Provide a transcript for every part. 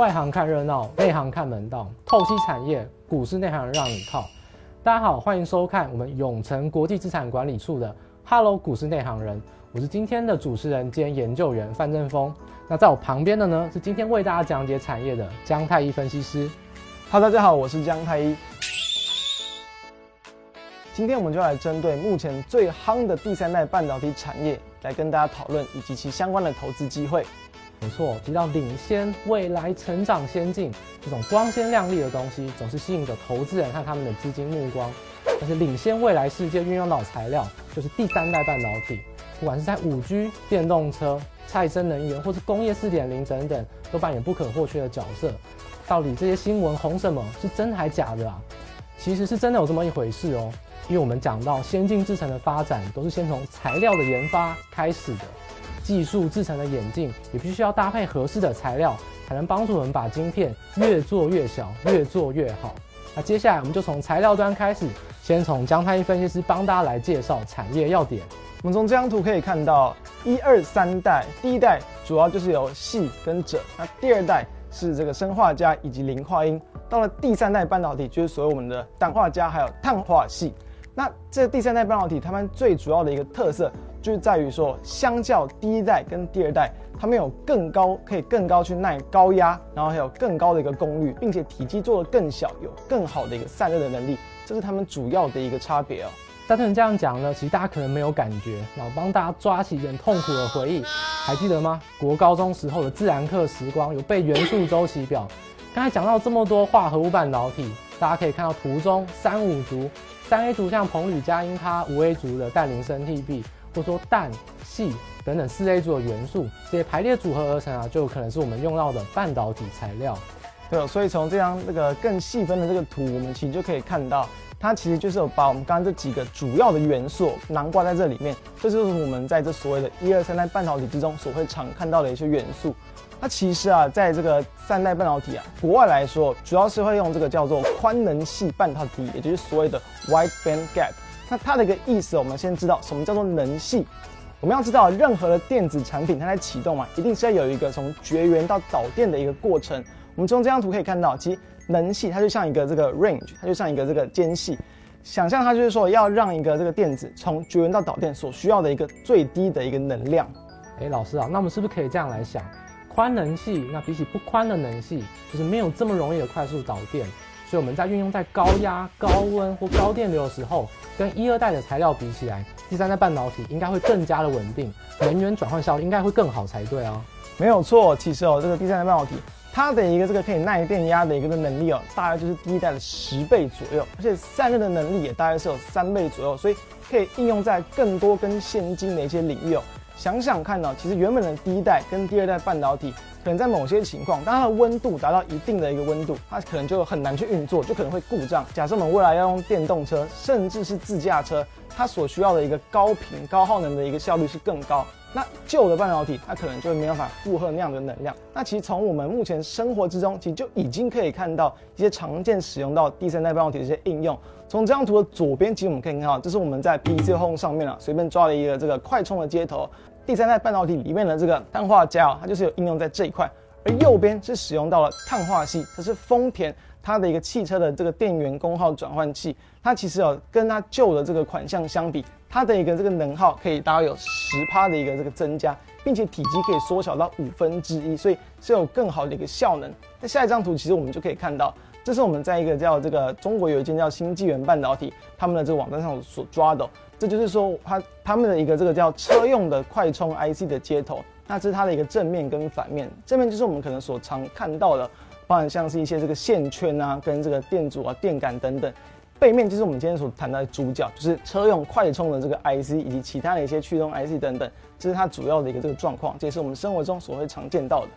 外行看熱鬧，內行看門道。透析產業，股市內行人讓你靠。大家好，歡迎收看我們永誠國際資產管理處的《Hello 股市內行人》，我是今天的主持人兼研究員范振峰。那在我旁邊的呢，是今天為大家講解產業的姜太一分析師。Hello，大家好，我是姜太一。今天我們就來針對目前最夯的第三代半導體產業，來跟大家討論以及其相關的投資機會。沒錯，提到領先、未來、成長先、先進這種光鮮亮麗的東西，總是吸引着投資人和他們的資金目光。但是，領先未來世界運用到的材料就是第三代半導體，不管是在 5G、電動車、再生能源，或是工業4.0等等，都扮演不可或缺的角色。到底這些新聞紅什麼是真還假的啊？其實是真的有這麼一回事哦，因為我們講到先進製程的發展，都是先從材料的研發開始的。技術制成的眼鏡也必須要搭配合適的材料，才能幫助我們把晶片越做越小，越做越好。那接下來我們就從材料端開始，先從江泰一分析師幫大家來介紹產業要點。我們從這張圖可以看到，一二三代，第一代主要就是由矽跟鍺，那第二代是這個砷化鎵以及磷化銦，到了第三代半導體就是所謂我們的氮化鎵還有碳化矽。那這第三代半導體它們最主要的一個特色，就是在於說，相較第一代跟第二代，它們有更高可以更高去耐高壓，然後還有更高的一個功率，並且體積做得更小，有更好的一個散熱的能力，這是它們主要的一個差別哦。單純這樣講呢，其實大家可能沒有感覺。那我幫大家抓起一點痛苦的回憶，還記得嗎？國高中時候的自然課時光，有背元素周期表。剛 才講到這麼多化合物半導體，大家可以看到圖中三五族、三 A 族像硼鋁鎵銦鉈，五 A 族的氮磷砷銻鉍。或者說氮、矽等等四 A 族的元素，這些排列組合而成啊，就有可能是我們用到的半導體材料。對，所以從這張這個更細分的這個圖，我們其實就可以看到，它其實就是有把我們剛剛這幾個主要的元素囊括在這裡面。這就是我們在這所謂的“一、二、三代”半導體之中所會常看到的一些元素。那其實啊，在這個三代半導體啊，國外來說，主要是會用這個叫做寬能隙半導體，也就是所謂的 wide band gap。那它的一個意思，我們先知道什麼叫做能隙。我們要知道，任何的電子產品它在啟動嘛、啊，一定是要有一個從絕緣到導電的一個過程。我們從這張圖可以看到，其實能隙它就像一個這個 range，它就像一個這個間隙。想象它就是說，要讓一個這個電子從絕緣到導電所需要的一個最低的一個能量。哎、欸，老師啊，那我們是不是可以這樣來想？寬能隙，那比起不寬的能隙，就是沒有這麼容易的快速導電。所以我們在運用在高壓、高溫或高電流的時候，跟一、二代的材料比起來，第三代半導體應該會更加的穩定，能源轉換效率應該會更好才對哦、啊。沒有錯，其實哦，這個第三代半導體它的一個這個可以耐電壓的一個能力哦，大概就是第一代的十倍左右，而且散熱的能力也大概是有三倍左右，所以可以應用在更多跟現今的一些領域哦。想想看呢、哦，其實原本的第一代跟第二代半導體。可能在某些情況，當它的溫度達到一定的一個溫度，它可能就很難去運作，就可能會故障。假設我們未來要用電動車，甚至是自駕車，它所需要的一個高頻、高耗能的一個效率是更高，那舊的半導體它可能就沒辦法負荷那樣的能量。那其實從我們目前生活之中，其實就已經可以看到一些常見使用到第三代半導體的一些應用。從這張圖的左邊，其實我們可以看到，這、就是我們在 PChome 上面啊，隨便抓了一個這個快充的接頭。第三代半導體裡面的這個氮化鎵，它就是有應用在這一塊，而右邊是使用到了碳化矽，它是豐田它的一個汽車的這個電源功耗轉換器，它其實哦跟它舊的這個款項相比，它的一個這個能耗可以大約有十趴的一個這個增加，並且體積可以縮小到五分之一，5, 所以是有更好的一個效能。那下一張圖其實我們就可以看到，這是我們在一個叫這個中國有一間叫新紀元半導體，他們的這個網站上所抓的。這就是說他，它他們的一個這個叫車用的快充 IC 的接頭，那是它的一個正面跟反面。正面就是我們可能所常看到的，包含像是一些這個線圈啊，跟這個電阻啊、電感等等。背面就是我們今天所談的主角，就是車用快充的這個 IC 以及其他的一些驅動 IC 等等。這是它主要的一個這個狀況，這也是我們生活中所會常見到的。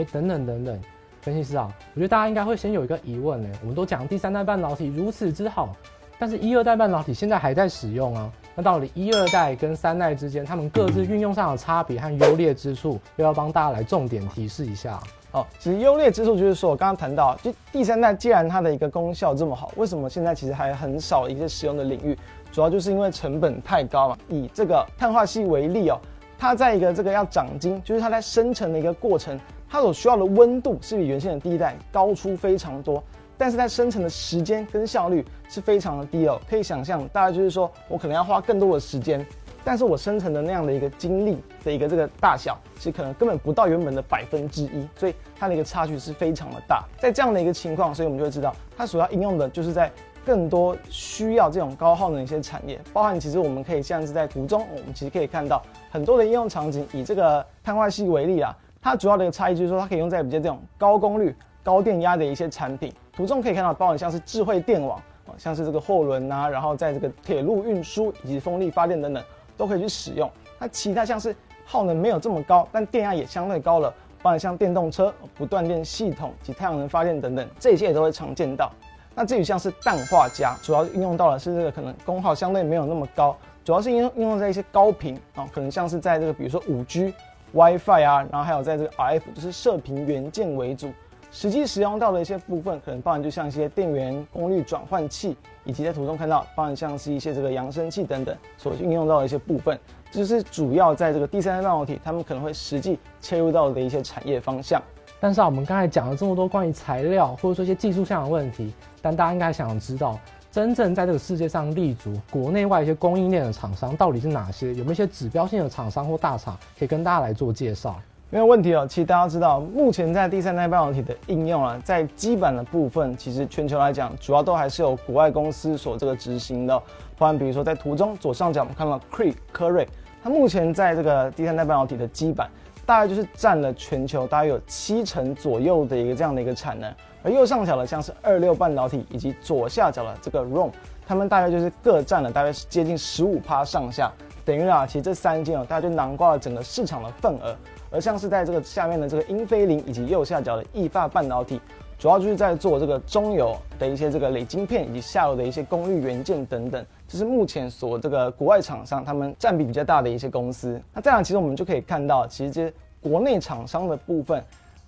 哎，等等等等，分析師啊，我覺得大家應該會先有一個疑問呢。我們都講第三代半導體如此之好。但是，一、二代半導體現在還在使用啊。那到底一、二代跟三代之間，他們各自運用上的差別和優劣之處，又要幫大家來重點提示一下、啊。好、哦，其實優劣之處就是說，我剛剛談到，就第三代既然它的一個功效這麼好，為什麼現在其實還很少一些使用的領域？主要就是因為成本太高了。以這個碳化矽為例哦，它在一個這個要長晶，就是它在生成的一個過程，它所需要的溫度是比原先的第一代高出非常多。但是它生成的時間跟效率是非常的低哦，可以想象，大概就是說我可能要花更多的時間，但是我生成的那樣的一個精力的一個這個大小，是可能根本不到原本的百分之一，所以它的一個差距是非常的大。在這樣的一個情況，所以我們就會知道，它主要應用的就是在更多需要這種高耗能的一些產業，包含其實我們可以像是在圖中，我們其實可以看到很多的應用場景，以這個碳化矽為例啊，它主要的一個差異就是說，它可以用在比較這種高功率，高電壓的一些產品，圖中可以看到，包含像是智慧電網啊，像是這個貨輪吶，然後在這個鐵路運輸以及風力發電等等，都可以去使用。那其他像是耗能沒有這麼高，但電壓也相對高了，包含像電動車、不斷電系統及太陽能發電等等，這些也都會常見到。那至於像是氮化鎵，主要是應用到的是這個可能功耗相對沒有那麼高，主要是用應用在一些高頻啊，可能像是在這個比如說五 G、WiFi 啊，然後還有在這個 RF 就是射頻元件為主。實際使用到的一些部分，可能包含就像一些電源功率轉換器，以及在圖中看到包含像是一些這個揚聲器等等所運用到的一些部分，就是主要在這個第三代半導體，他們可能會實際切入到的一些產業方向。但是啊，我們剛才講了這麼多關於材料或者說一些技術上的問題，但大家應該想知道，真正在這個世界上立足國內外一些供應鏈的廠商到底是哪些？有沒有一些指標性的廠商或大廠可以跟大家來做介紹？沒有問題哦。其實大家知道，目前在第三代半導體的應用啊，在基板的部分，其實全球來講，主要都還是由國外公司所這個執行的哦。包含比如說在圖中左上角，我們看到 Cree 科瑞，它目前在這個第三代半導體的基板，大概就是佔了全球大約有七成左右的一個這樣的一個產能。而右上角的像是二六半導體，以及左下角的這個 Rohm，他們大概就是各佔了大約接近十五趴上下，等於啊，其實這三間哦，大概就囊括了整個市場的份額。而像是在這個下面的這個英飛凌以及右下角的意法半導體，主要就是在做這個中游的一些這個磊晶片以及下游的一些功率元件等等，這是目前所這個國外廠商他們佔比比較大的一些公司。那這樣其實我們就可以看到，其實這些國內廠商的部分。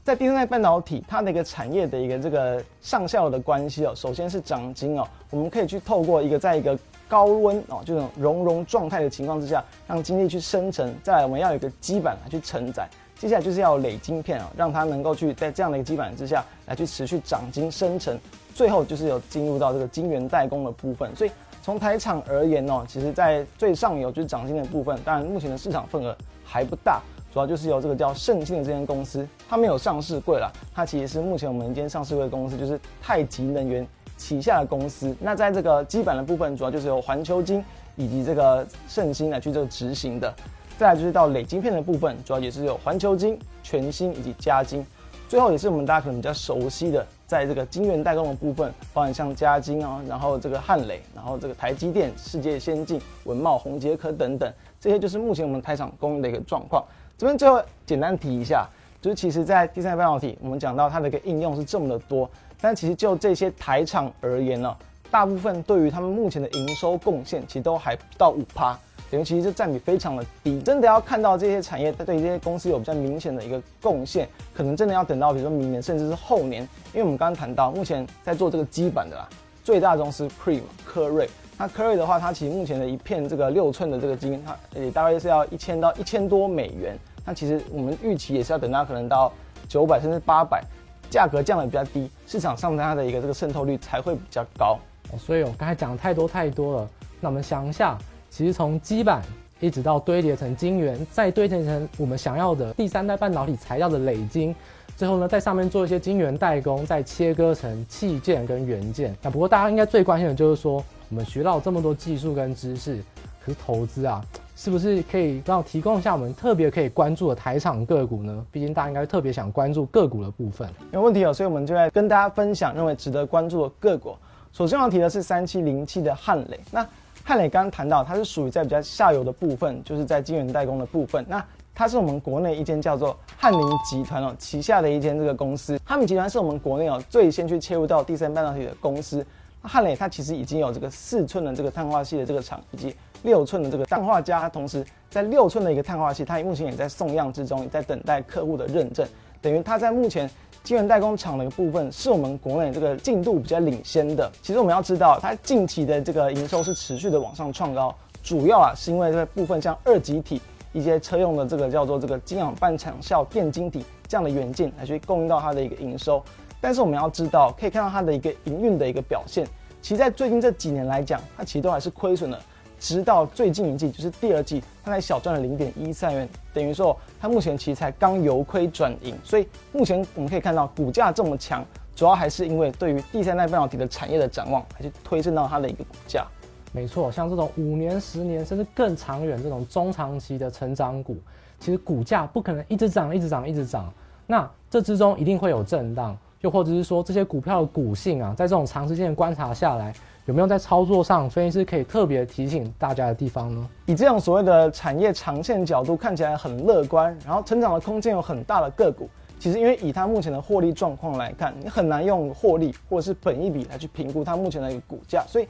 在第三代半導體，它的一個產業的一個這個上下游的關係哦，首先是長晶哦，我們可以去透過一個在一個高溫哦，這種熔融狀態的情況之下，讓晶粒去生成。再來我們要有一個基板來去承載，接下來就是要磊晶片啊、哦，讓它能夠去在這樣的一個基板之下來去持續長晶生成。最後就是有進入到這個晶圓代工的部分。所以從台廠而言哦，其實在最上游就是長晶的部分，當然目前的市場份額還不大。主要就是由這個叫盛新的這間公司，它沒有上市櫃啦。它其實是目前我們一間上市櫃的公司，就是太極能源旗下的公司。那在這個基板的部分，主要就是由環球晶以及這個盛新來去做執行的。再來就是到磊晶片的部分，主要也是由環球晶、全新以及嘉晶。最後也是我們大家可能比較熟悉的，在這個晶圓代工的部分，包含像嘉晶啊、喔，然後這個漢磊，然後這個台積電、世界先進、穩懋、宏捷科等等，這些就是目前我們台廠供應的一個狀況。這邊最後簡單提一下，就是其實，在第三代半導體，我們講到它的一個應用是這麼的多，但其實就這些台廠而言呢、啊，大部分對於他們目前的營收貢獻，其實都還不到五趴，等於其實這占比非常的低。真的要看到這些產業它對這些公司有比較明顯的一個貢獻，可能真的要等到比如說明年，甚至是後年，因為我們剛剛談到，目前在做這個基板的啦，最大宗是 Cree 科銳。那 Cree 的話，它其實目前的一片這個六寸的這個基金，它也大概是要一千到一千多美元。那其實我們預期也是要等到可能到九百甚至八百，價格降得比較低，市場上它的一個這個滲透率才會比較高。所以，我剛才講太多太多了。那我們想一下，其實從基板一直到堆疊成晶圓，再堆疊成我們想要的第三代半導體材料的磊晶，最後呢，在上面做一些晶圓代工，再切割成器件跟元件。那不過大家應該最關心的就是說，我們學到這麼多技術跟知識，可是投資啊。是不是可以讓我提供一下我們特別可以關注的台廠個股呢？畢竟大家應該特別想關注個股的部分。沒有問題哦，所以我們就來跟大家分享認為值得關注的個股。首先要提的是三七零七的漢磊。那漢磊剛剛談到，它是屬於在比較下游的部分，就是在晶圓代工的部分。那它是我們國內一間叫做漢民集團哦旗下的一間這個公司。漢民集團是我們國內哦最先去切入到第三半導體的公司。那漢磊它其實已經有這個四寸的這個碳化矽的這個廠以及。六寸的這個氮化鎵，它同時在六寸的一個碳化矽，它目前也在送樣之中，也在等待客戶的認證。等於它在目前晶圓代工廠的一個部分，是我們國內這個進度比較領先的。其實我們要知道，它近期的這個營收是持續的往上創高，主要啊是因為在部分像二極體、一些車用的這個叫做這個金氧半場效電晶體這樣的元件來去供應到它的一個營收。但是我們要知道，可以看到它的一個營運的一個表現，其實在最近這幾年來講，它其實都還是虧損的。直到最近一季，就是第二季，它才小賺了零點一三元，等於說它目前其實才剛由虧轉盈。所以目前我們可以看到股價這麼強，主要還是因為對於第三代半導體的產業的展望，還是推升到它的一個股價。沒錯，像這種五年、十年甚至更長遠這種中長期的成長股，其實股價不可能一直漲、一直漲、一直漲。那這之中一定會有震盪，又或者是說這些股票的股性啊，在這種長時間的觀察下來。有沒有在操作上分析師可以特別提醒大家的地方呢？以這樣所謂的產業長線角度看起來很樂觀，然後成長的空間有很大的個股，其實因為以它目前的獲利狀況來看，你很難用獲利或者是本益比來去評估它目前的一個股價。所以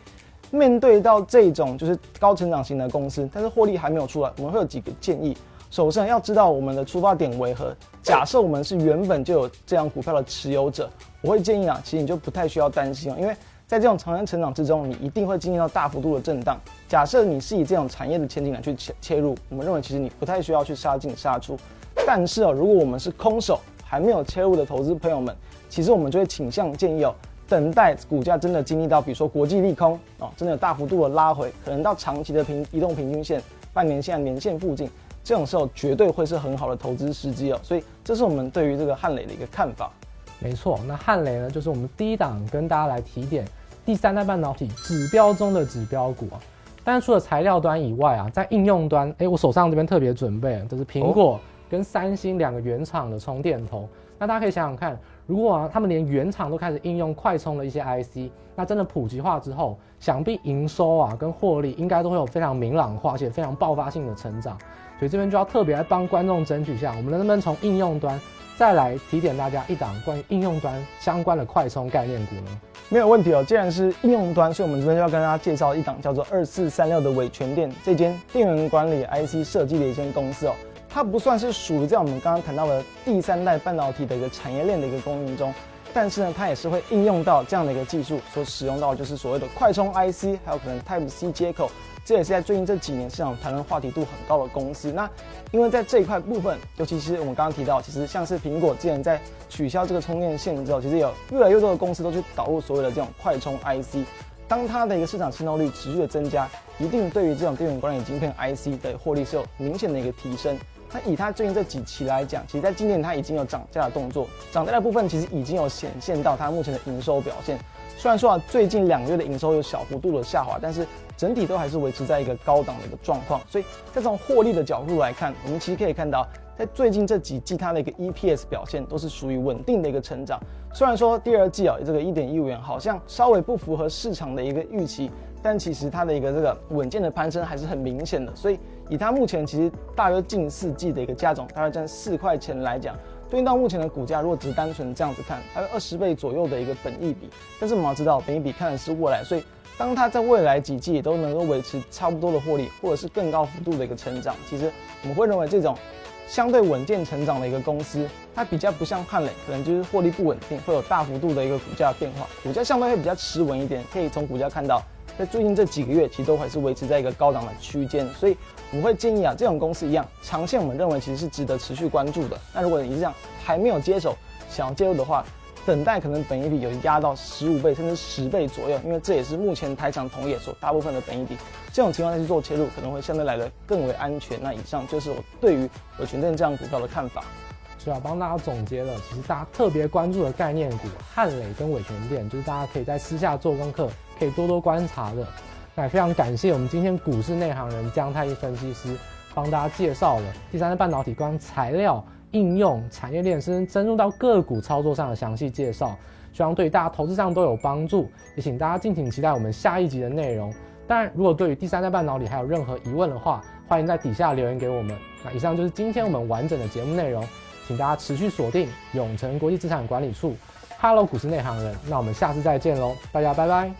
面對到這種就是高成長型的公司，但是獲利還沒有出來，我們會有幾個建議。首先要知道我們的出發點為何。假設我們是原本就有這樣股票的持有者，我會建議啊，其實你就不太需要擔心、啊，因為，在這種長期成長之中，你一定會經歷到大幅度的震盪。假設你是以這種產業的前景感去切切入，我們認為其實你不太需要去殺進殺出。但是哦，如果我們是空手還沒有切入的投資朋友們，其實我們就會傾向建議哦，等待股價真的經歷到，比如說國際利空哦，真的有大幅度的拉回，可能到長期的平移動平均線、半年線、年線附近，這種時候絕對會是很好的投資時機哦。所以這是我們對於這個漢磊的一個看法。沒錯，那漢磊呢，就是我們第一檔跟大家來提點。第三代半導體指標中的指標股啊，但是除了材料端以外啊，在應用端，哎，我手上這邊特別準備，就是蘋果跟三星兩個原廠的充電頭。那大家可以想想看，如果啊他們連原廠都開始應用快充的一些 IC，那真的普及化之後，想必營收啊跟獲利應該都會有非常明朗化而且非常爆發性的成長。所以這邊就要特別來幫觀眾爭取一下，我們能不能從應用端再來提點大家一檔關於應用端相關的快充概念股呢？沒有問題哦，既然是應用端，所以我們這邊就要跟大家介紹一檔叫做二四三六的偉詮電，這間電源管理 IC 設計的一間公司哦。它不算是屬於在我們剛剛談到的第三代半導體的一個產業鏈的一個供應中，但是呢，它也是會應用到這樣的一個技術，所使用到的就是所謂的快充 IC，還有可能 Type C 接口。這也是在最近這幾年市場談論話題度很高的公司。那因為在這一塊部分，尤其是我們剛剛提到，其實像是蘋果之前在取消這個充電線之後，其實有越來越多的公司都去導入所謂的這種快充 IC。當它的一個市場滲透率持續的增加，一定對於這種電源管理晶片 IC 的獲利是有明顯的一個提升。那以它最近這幾期來講，其實在今年它已經有漲價的動作，漲價的部分其實已經有顯現到它目前的營收表現。雖然說啊，最近兩個月的營收有小幅度的下滑，但是整體都還是維持在一個高檔的一個狀況。所以，再從獲利的角度來看，我們其實可以看到，在最近這幾季它的一個 EPS 表現都是屬於穩定的一個成長。雖然說第二季啊，這個一點一五元好像稍微不符合市場的一個預期，但其實它的一個這個穩健的攀升還是很明顯的。所以，以它目前其實大約近四季的一個加總，大約佔四塊錢來講。對應到目前的股價，若只單純這樣子看，還有二十倍左右的一個本益比。但是我們要知道，本益比看的是未來，所以當它在未來幾季也都能夠維持差不多的獲利，或者是更高幅度的一個成長，其實我們會認為這種相對穩健成長的一個公司，它比較不像漢磊，可能就是獲利不穩定，會有大幅度的一個股價變化，股價相對會比較持穩一點。可以從股價看到。在最近這幾個月，其實都還是維持在一個高檔的區間，所以我會建議啊，這種公司一樣，長線我們認為其實是值得持續關注的。那如果你是這樣還沒有接手，想要介入的話，等待可能本益比有壓到十五倍甚至十倍左右，因為這也是目前台廠同業所大部分的本益比，這種情況下去做切入可能會相對來得更為安全。那以上就是我對於偉詮電這樣股票的看法。是啊，幫大家總結了，其實大家特別關注的概念股漢磊跟偉詮電就是大家可以在私下做功課。可以多多觀察的。那也非常感謝我們今天股市內行人姜太一分析師幫大家介紹了第三代半導體光材料應用產業鏈，甚至深入到個股操作上的詳細介紹。希望對大家投資上都有幫助。也請大家敬請期待我們下一集的內容。當然，如果對於第三代半導體還有任何疑問的話，歡迎在底下留言給我們。那以上就是今天我們完整的節目內容，請大家持續鎖定永誠國際資產管理處。Hello，股市內行人，那我們下次再見嘍，大家拜拜。